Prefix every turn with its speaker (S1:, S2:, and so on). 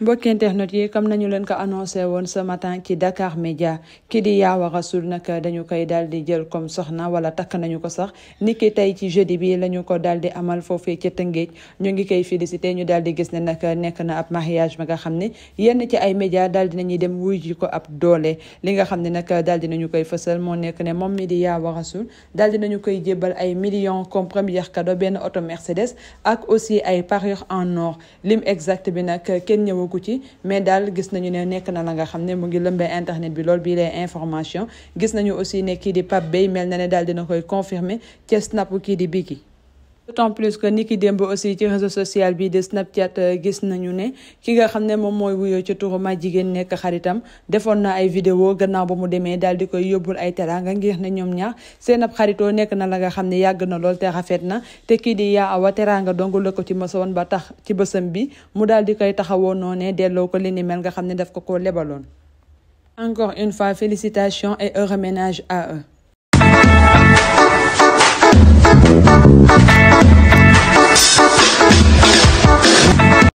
S1: mbokki internet yi comme nañu leen ko annoncé woon ce matin ci Dakar Média ki di Yaawa Rasoul nag dañu koy daal di jël comme soxna wala takk nañu ko sax niki tey ci jeudi bi la ñu ko daal di amal foofee ca Tëngéej ñu ngi koy félicité ñu daal di gis ne nag nekk na ab mariage ba nga xam ne yenn ci ay média daal di nañuy dem wuy ji ko ab doole li nga xam ne nag daal di nañu koy fësal moo nekk ne moom mi di Yaawa Rasoul daal di nañu koy jébbal ay millions comme première cadeau benn auto Mercedes ak aussi ay parure en or lim exact bi nag kenn ku ci mais daal gis nañu ne nekk na la nga xam ne mu ngi lëmbee internet bi lool bii lay information gis nañu aussi ne kii di pab bay mel na ne daal dina koy confirmer ca snap kii di Biggi d'autant plus que ni ki démb aussi ci réseau social bi de Snapchat euh, gis nañu ne ki nga xam ne moom mooy wuyoo ci turu ma jigéen nekk xaritam defoon na ay vidéo gannaaw ba mu demee daal di koy yóbbul ay teranga ngir ne ñoom ñaar seen ab xaritoo nekk na la nga xam ne yàgg na lool te rafet na te kii di yaa awa teranga dong la ko ci mësoon ba tax ci bësam bi mu daal di koy taxawoo noonee delloo ko li ni nga xam ne daf ko ko lebaloon encore une fois félicitations